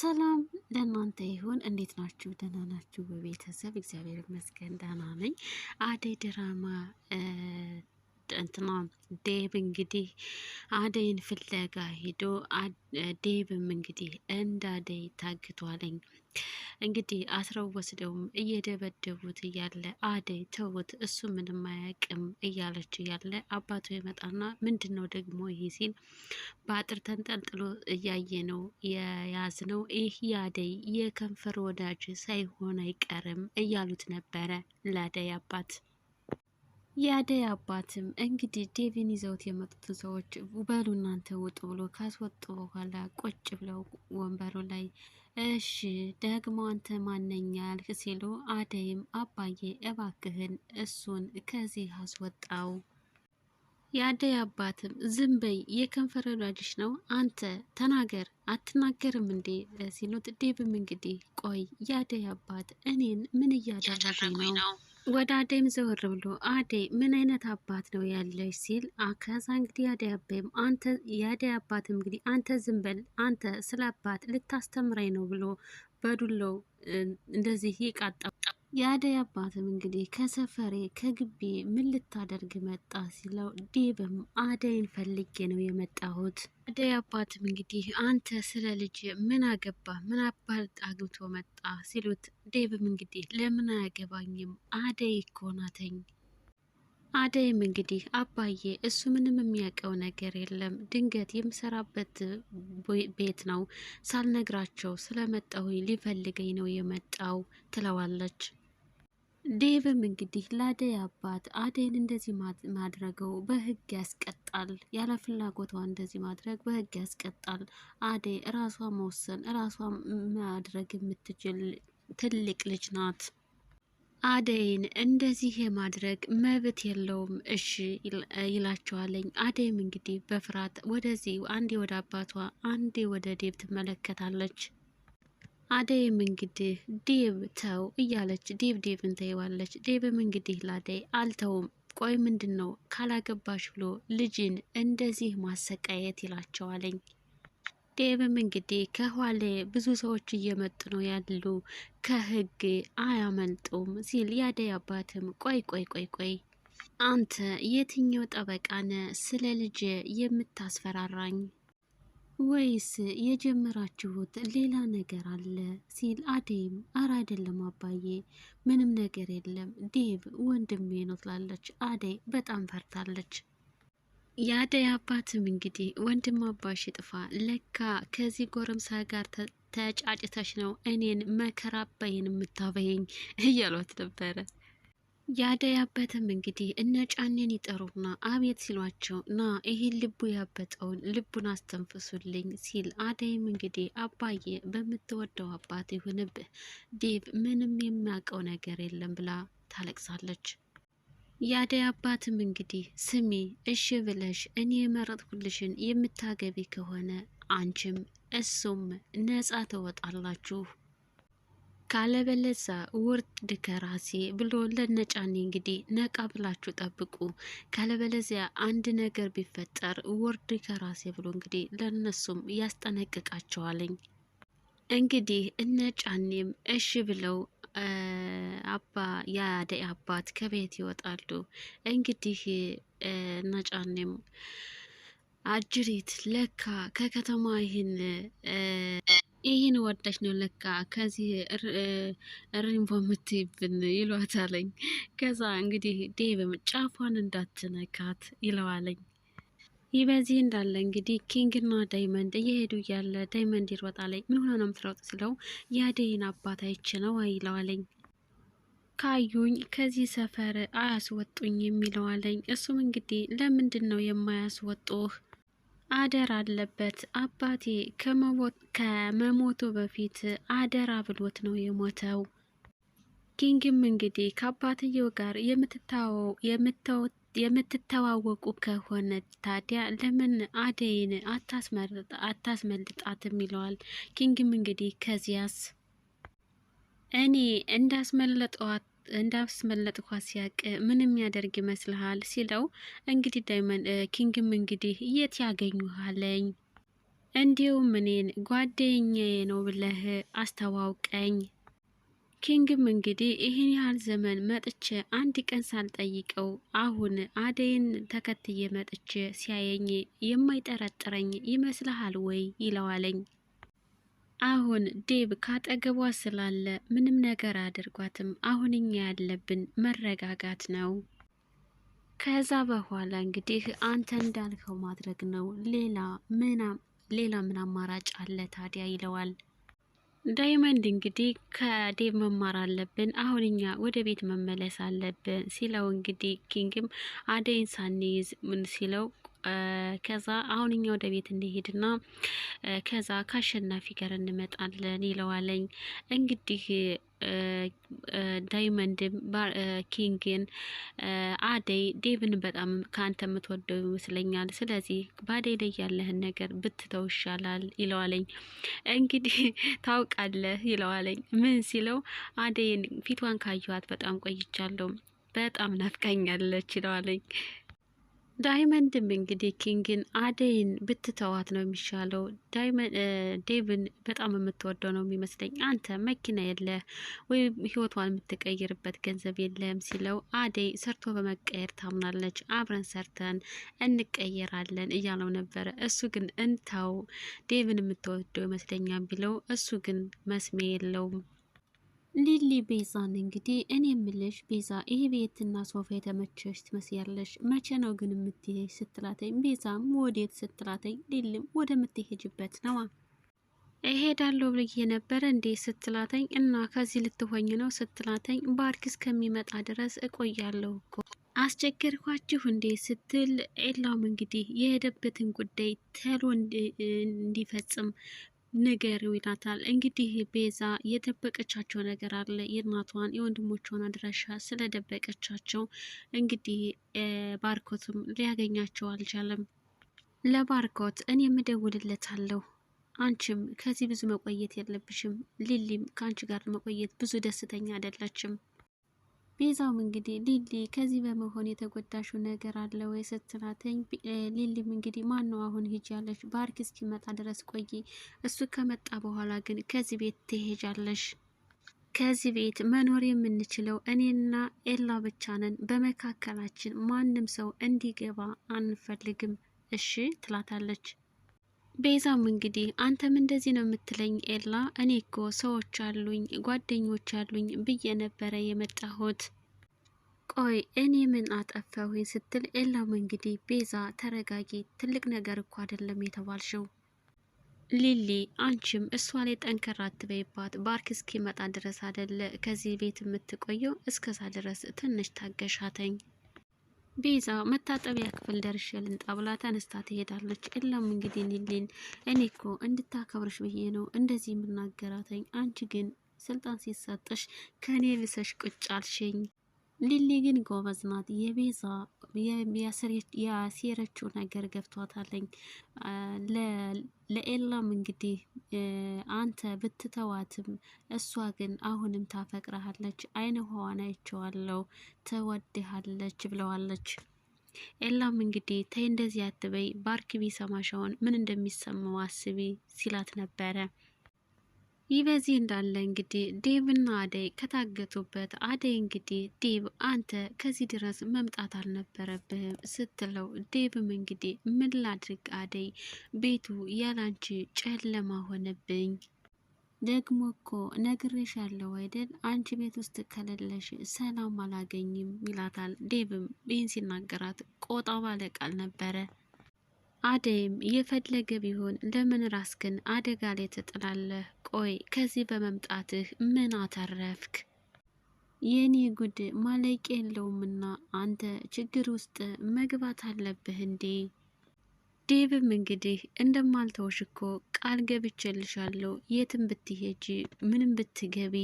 ሰላም ለእናንተ ይሁን። እንዴት ናችሁ? ደህና ናችሁ? በቤተሰብ እግዚአብሔር ይመስገን ደህና ነኝ። አደይ ድራማ እንትና ዴብ እንግዲህ አደይን ፍለጋ ሂዶ ዴብም እንግዲህ እንደ አደይ ታግቷለኝ እንግዲህ አስረው ወስደውም እየደበደቡት እያለ አደይ ተውት፣ እሱ ምንም አያውቅም እያለች እያለ አባቱ ይመጣና ምንድን ነው ደግሞ ይህ ሲል በአጥር ተንጠልጥሎ እያየ ነው የያዝ ነው ይህ የአደይ የከንፈር ወዳጅ ሳይሆን አይቀርም እያሉት ነበረ ለአደይ አባት የአደይ አባትም እንግዲህ ዴቪን ይዘውት የመጡትን ሰዎች በሉ እናንተ ውጡ ብሎ ካስወጡ በኋላ ቁጭ ብለው ወንበሩ ላይ እሺ ደግሞ አንተ ያልክ ሲሉ አደይም አባዬ እባክህን እሱን ከዚህ አስወጣው። የአደይ አባትም ዝም በይ የከንፈር ወዳጅሽ ነው አንተ ተናገር አትናገርም እንዴ ሲሉት ዴብም እንግዲህ ቆይ የአደይ አባት እኔን ምን እያደረገኝ ነው ወደ አደይም ዘወር ብሎ አደይ ምን አይነት አባት ነው ያለሽ? ሲል ከዛ እንግዲህ ያደይ አባይም አንተ ያደይ አባትም እንግዲህ አንተ ዝም በል አንተ ስለ አባት ልታስተምረኝ ነው ብሎ በዱሎ እንደዚህ ይቃጣ የአደይ አባትም እንግዲህ ከሰፈሬ ከግቢ ምን ልታደርግ መጣ ሲለው ዴብም አደይን ፈልጌ ነው የመጣሁት። አደይ አባትም እንግዲህ አንተ ስለ ልጅ ምን አገባ ምን አባልጥ አግብቶ መጣ ሲሉት ዴብም እንግዲህ ለምን አያገባኝም አደይ እኮ ናተኝ። አደይም እንግዲህ አባዬ እሱ ምንም የሚያውቀው ነገር የለም፣ ድንገት የምሰራበት ቤት ነው፣ ሳልነግራቸው ስለመጣሁኝ ሊፈልገኝ ነው የመጣው ትለዋለች። ዴቭም እንግዲህ ለአደይ አባት አደይን እንደዚህ ማድረገው በህግ ያስቀጣል። ያለ ፍላጎቷ እንደዚህ ማድረግ በህግ ያስቀጣል። አደይ እራሷ መወሰን እራሷ ማድረግ የምትችል ትልቅ ልጅ ናት። አደይን እንደዚህ የማድረግ መብት የለውም፣ እሺ ይላቸዋለኝ። አደይም እንግዲህ በፍርሃት ወደዚህ አንዴ ወደ አባቷ አንዴ ወደ ዴብ ትመለከታለች። አደይም እንግዲህ ዴብ ተው እያለች ዴብ ዴብን ተይዋለች። ዴብም እንግዲህ ላደይ አልተውም ቆይ ምንድን ነው ካላገባሽ ብሎ ልጅን እንደዚህ ማሰቃየት ይላቸዋለኝ። ዴብም እንግዲህ ከኋላ ብዙ ሰዎች እየመጡ ነው ያሉ ከህግ አያመልጡም ሲል ያደይ አባትም ቆይ ቆይ ቆይ ቆይ አንተ የትኛው ጠበቃነ ስለ ልጅ የምታስፈራራኝ? ወይስ የጀመራችሁት ሌላ ነገር አለ ሲል አደይም አረ አይደለም አባዬ፣ ምንም ነገር የለም ዴቭ ወንድሜ ነው ትላለች። አደይ በጣም ፈርታለች። የአደይ አባትም እንግዲህ ወንድም አባሽ ጥፋ፣ ለካ ከዚህ ጎረምሳ ጋር ተጫጭተሽ ነው እኔን መከራበይን የምታበይኝ እያሏት ነበረ። የአደይ አባትም እንግዲህ እነ ጫኔን ይጠሩና አቤት ሲሏቸው ና ይሄን ልቡ ያበጠውን ልቡን አስተንፍሱልኝ ሲል አደይም እንግዲህ አባዬ በምትወደው አባት ይሁንብህ ዴቭ ምንም የሚያውቀው ነገር የለም ብላ ታለቅሳለች። የአደይ አባትም እንግዲህ ስሚ እሺ ብለሽ እኔ የመረጥኩልሽን የምታገቢ ከሆነ አንቺም እሱም ነጻ ትወጣላችሁ ካለበለዛ ውርድ ከራሴ ብሎ ለነጫኔ እንግዲህ ነቃ ብላችሁ ጠብቁ። ካለበለዚያ አንድ ነገር ቢፈጠር ውርድ ከራሴ ብሎ እንግዲህ ለነሱም ያስጠነቅቃቸዋለኝ። እንግዲህ እነ እሺ ብለው አባ የአደይ አባት ከቤት ይወጣሉ። እንግዲህ እነጫኔም አጅሪት ለካ ከከተማ ይህን ይህን ወዳሽ ነው ለካ ከዚህ ሪንቦ የምትይብን ይሏታለኝ። ከዛ እንግዲህ ዴቭም ጫፏን እንዳትነካት ይለዋለኝ። ይህ በዚህ እንዳለ እንግዲህ ኪንግና ዳይመንድ እየሄዱ እያለ ዳይመንድ ይሮጣለኝ። ምን ሆነ ነው የምትሮጥ ስለው የአደይን አባት አይቼ ነው ይለዋለኝ። ካዩኝ ከዚህ ሰፈር አያስወጡኝ የሚለዋለኝ። እሱም እንግዲህ ለምንድን ነው የማያስወጡህ አደራ አለበት አባቴ ከመሞቱ በፊት አደራ ብሎት ነው የሞተው። ኪንግም እንግዲህ ከአባትየው ጋር የምትተዋወቁ ከሆነ ታዲያ ለምን አደይን አታስመልጣትም ይለዋል። ኪንግም እንግዲህ ከዚያስ እኔ እንዳስመለጠዋት እንዳብስ መለጥኳ ሲያቅ ምንም ያደርግ ይመስልሃል ሲለው እንግዲህ ዳይመን ኪንግም እንግዲህ የት ያገኙሃለኝ እንዲሁም እኔን ጓደኛዬ ነው ብለህ አስተዋውቀኝ። ኪንግም እንግዲህ ይህን ያህል ዘመን መጥቼ አንድ ቀን ሳልጠይቀው አሁን አደይን ተከትዬ መጥቼ ሲያየኝ የማይጠረጥረኝ ይመስልሃል ወይ ይለዋለኝ። አሁን ዴብ ካጠገቧ ስላለ ምንም ነገር አድርጓትም። አሁን እኛ ያለብን መረጋጋት ነው። ከዛ በኋላ እንግዲህ አንተ እንዳልከው ማድረግ ነው። ሌላ ምናም ሌላ ምን አማራጭ አለ ታዲያ ይለዋል። ዳይመንድ እንግዲህ ከዴብ መማር አለብን፣ አሁን እኛ ወደ ቤት መመለስ አለብን ሲለው እንግዲህ ኪንግም አደይን ሳንይዝ ምን ሲለው ከዛ አሁን እኛ ወደ ቤት እንሄድና ከዛ ከአሸናፊ ጋር እንመጣለን ይለዋለኝ። እንግዲህ ዳይመንድም ኪንግን አደይ ዴቭን በጣም ከአንተ የምትወደው ይመስለኛል። ስለዚህ በአደይ ላይ ያለህን ነገር ብትተው ይሻላል ይለዋለኝ። እንግዲህ ታውቃለህ ይለዋለኝ። ምን ሲለው አደይን ፊቷን ካየኋት በጣም ቆይቻለሁ፣ በጣም ናፍቃኛለች ይለዋለኝ። ዳይመንድም እንግዲህ ኪንግን አደይን ብትተዋት ነው የሚሻለው። ዴቭን በጣም የምትወደው ነው የሚመስለኝ። አንተ መኪና የለ ወይም ህይወቷን የምትቀይርበት ገንዘብ የለም ሲለው አደይ ሰርቶ በመቀየር ታምናለች። አብረን ሰርተን እንቀየራለን እያለው ነበረ። እሱ ግን እንታው ዴቭን የምትወደው ይመስለኛል ቢለው እሱ ግን መስሜ የለውም ሊሊ ቤዛን እንግዲህ እኔ የምልሽ ቤዛ ይሄ ቤትና ሶፋ የተመቸሽ ትመስያለሽ፣ መቼ ነው ግን የምትሄጅ ስትላተኝ፣ ቤዛም ወዴት ስትላተኝ፣ ሊልም ወደ ምትሄጅበት ነዋ እሄዳለሁ ብዬ ነበረ እንዴ ስትላተኝ፣ እና ከዚህ ልትሆኝ ነው ስትላተኝ፣ ባርክ እስከሚመጣ ድረስ እቆያለሁ እኮ አስቸገርኳችሁ እንዴ ስትል፣ ኤላውም እንግዲህ የሄደበትን ጉዳይ ተሎ እንዲፈጽም ነገር ይላታል። እንግዲህ ቤዛ የደበቀቻቸው ነገር አለ። የእናቷን የወንድሞቿን አድራሻ ስለደበቀቻቸው እንግዲህ ባርኮትም ሊያገኛቸው አልቻለም። ለባርኮት እኔ የምደውልለታለሁ፣ አንቺም ከዚህ ብዙ መቆየት የለብሽም፣ ሊሊም ከአንቺ ጋር መቆየት ብዙ ደስተኛ አይደለችም ቤዛውም እንግዲህ ሊሊ ከዚህ በመሆን የተጎዳሹ ነገር አለ ወይ ስትላትኝ፣ ሊሊም እንግዲህ ማን ነው አሁን ሂጅ ያለሽ? ባርክ እስኪመጣ ድረስ ቆይ፣ እሱ ከመጣ በኋላ ግን ከዚህ ቤት ትሄጃለሽ። ከዚህ ቤት መኖር የምንችለው እኔና ኤላ ብቻ ነን። በመካከላችን ማንም ሰው እንዲገባ አንፈልግም። እሺ ትላታለች። ቤዛም እንግዲህ አንተም እንደዚህ ነው የምትለኝ ኤላ፣ እኔ እኮ ሰዎች አሉኝ ጓደኞች አሉኝ ብዬ ነበረ የመጣሁት ቆይ እኔ ምን አጠፋሁኝ ስትል ኤላም እንግዲህ ቤዛ ተረጋጊ፣ ትልቅ ነገር እኮ አይደለም የተባልሽው። ሊሊ አንቺም እሷ ላይ ጠንከራ አትበይባት። ባርክ እስኪመጣ ድረስ አደለ ከዚህ ቤት የምትቆየው? እስከዛ ድረስ ትንሽ ታገሻተኝ። ቤዛ መታጠቢያ ክፍል ደርሼ ልንጣ ብላ ተነስታ ትሄዳለች። እላም እንግዲህ ሊሊን እኔ እኮ እንድታከብርሽ ብዬ ነው እንደዚህ የምናገራተኝ አንቺ ግን ስልጣን ሲሰጥሽ ከኔ ልሰሽ ቁጭ አልሽኝ ሊሊ ግን ጎበዝ ናት። የቤዛ ያሴረችው ነገር ገብቷታለኝ። ለኤላም እንግዲህ አንተ ብትተዋትም እሷ ግን አሁንም ታፈቅረሃለች፣ አይነ ሆዋን አይቼዋለሁ፣ ተወድሃለች ብለዋለች። ኤላም እንግዲህ ተይ እንደዚህ አትበይ፣ ባርክ ቢሰማሽ አሁን ምን እንደሚሰማው አስቢ ሲላት ነበረ። ይህ በዚህ እንዳለ እንግዲህ ዴቭና አደይ ከታገቱበት አደይ እንግዲህ ዴቭ አንተ ከዚህ ድረስ መምጣት አልነበረብህም ስትለው፣ ዴቭም እንግዲህ ምን ላድርግ አደይ ቤቱ ያላንቺ ጨለማ ሆነብኝ። ደግሞ እኮ ነግሬሽ ያለው አይደል አንቺ ቤት ውስጥ ከሌለሽ ሰላም አላገኝም ይላታል። ዴቭም ይህን ሲናገራት ቆጣ ባለ ቃል ነበረ። አደይም የፈለገ ቢሆን ለምን ራስህን አደጋ ላይ ትጥላለህ? ቆይ ከዚህ በመምጣትህ ምን አተረፍክ? የኔ ጉድ ማለቂያ የለውምና አንተ ችግር ውስጥ መግባት አለብህ እንዴ? ዴብም እንግዲህ እንደማልተውሽ እኮ ቃል ገብቼልሻለሁ። የትም ብትሄጂ ምንም ብትገቢ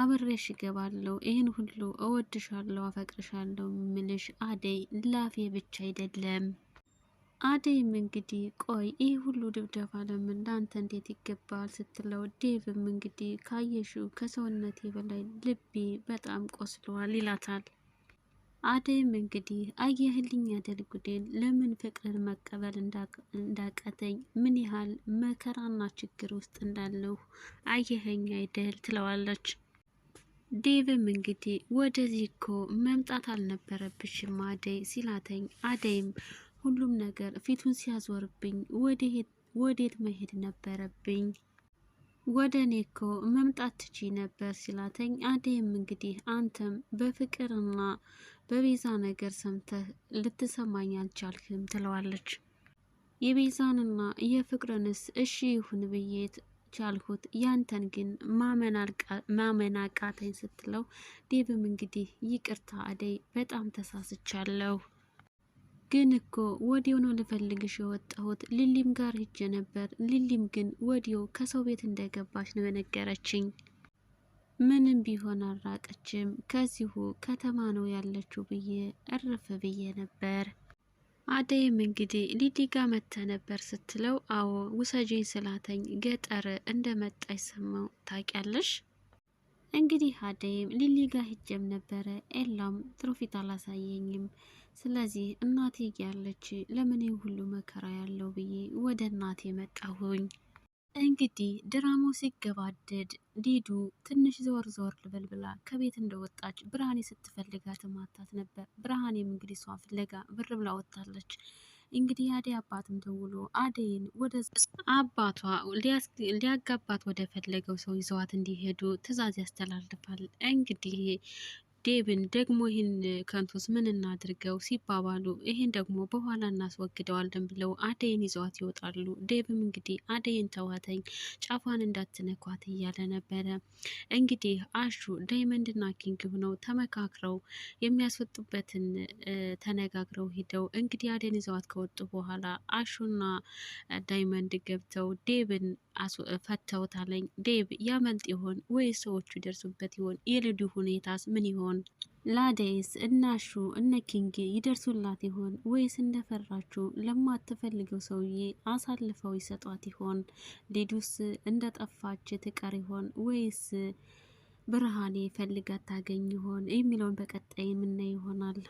አብሬሽ እገባለሁ። ይህን ሁሉ እወድሻለሁ፣ አፈቅርሻለሁ ምልሽ አደይ ላፌ ብቻ አይደለም አደይም እንግዲህ ቆይ ይህ ሁሉ ድብደባ ለምን ለአንተ እንዴት ይገባል ስትለው ዴቭም እንግዲህ ካየሹ ከሰውነቴ በላይ ልቤ በጣም ቆስሏል ይላታል። አደይም እንግዲህ አየህልኝ ያደል ጉዴን ለምን ፍቅርን መቀበል እንዳቀተኝ ምን ያህል መከራና ችግር ውስጥ እንዳለሁ አየኸኝ አይደል ትለዋለች። ዴቭም እንግዲህ ወደዚህ እኮ መምጣት አልነበረብሽም አደይ ሲላተኝ አደይም ሁሉም ነገር ፊቱን ሲያዞርብኝ ወዴት መሄድ ነበረብኝ? ወደ እኔ እኮ መምጣት ትቺ ነበር ሲላተኝ፣ አደይም እንግዲህ አንተም በፍቅርና በቤዛ ነገር ሰምተህ ልትሰማኝ አልቻልክም ትለዋለች። የቤዛንና የፍቅርንስ እሺ ይሁን ብዬት ቻልሁት ያንተን ግን ማመን አቃተኝ ስትለው፣ ዴብም እንግዲህ ይቅርታ አደይ በጣም ተሳስቻለሁ ግን እኮ ወዲያው ነው ልፈልግሽ የወጣሁት። ሊሊም ጋር ሂጄ ነበር። ሊሊም ግን ወዲው ከሰው ቤት እንደገባች ነው የነገረችኝ። ምንም ቢሆን አራቀችም ከዚሁ ከተማ ነው ያለችው ብዬ እርፍ ብዬ ነበር። አደይም እንግዲህ ሊዲ ጋ መተ ነበር ስትለው፣ አዎ ውሰጂኝ ስላተኝ ገጠር እንደ መጣች ሰማው ታውቂያለሽ። እንግዲህ አደይም ሊሊ ጋ ሂጄም ነበረ። ኤላም ትሩፊት አላሳየኝም ስለዚህ እናቴ ያለች ለምን ሁሉ መከራ ያለው ብዬ ወደ እናቴ መጣሁኝ። እንግዲህ ድራማው ሲገባደድ ዲዱ ትንሽ ዘወር ዘወር ልበል ብላ ከቤት እንደወጣች ብርሃኔ ስትፈልጋት ማታት ነበር። ብርሃኔም እንግዲህ እሷ ፍለጋ ብር ብላ ወጥታለች። እንግዲህ አደይ አባትም ደውሎ አደይን ወደ አባቷ ሊያጋባት ወደ ፈለገው ሰው ይዘዋት እንዲሄዱ ትዕዛዝ ያስተላልፋል። እንግዲህ ዴብን ደግሞ ይህን ከንቱስ ምን እናድርገው ሲባባሉ ይህን ደግሞ በኋላ እናስወግደዋለን ብለው አደይን ይዘዋት ይወጣሉ። ዴብም እንግዲህ አደይን ተዋተኝ፣ ጫፏን እንዳትነኳት እያለ ነበረ። እንግዲህ አሹ ዳይመንድና ኪንግ ሆነው ተመካክረው የሚያስወጡበትን ተነጋግረው ሂደው እንግዲህ አደይን ይዘዋት ከወጡ በኋላ አሹና ዳይመንድ ገብተው ዴብን ፈተውታለኝ። ዴብ ያመልጥ ይሆን ወይ ሰዎቹ ደርሱበት ይሆን? የልዱ ሁኔታስ ምን ይሆን? ይሆን? ላደይስ እናሹ እነ ኪንግ ይደርሱላት ይሆን ወይስ እንደፈራችው ለማትፈልገው ሰውዬ አሳልፈው ይሰጧት ይሆን? ሊዱስ እንደጠፋች ትቀር ይሆን ወይስ ብርሃኔ ፈልጋት ታገኝ ይሆን የሚለውን በቀጣይ የምናይ ይሆናል።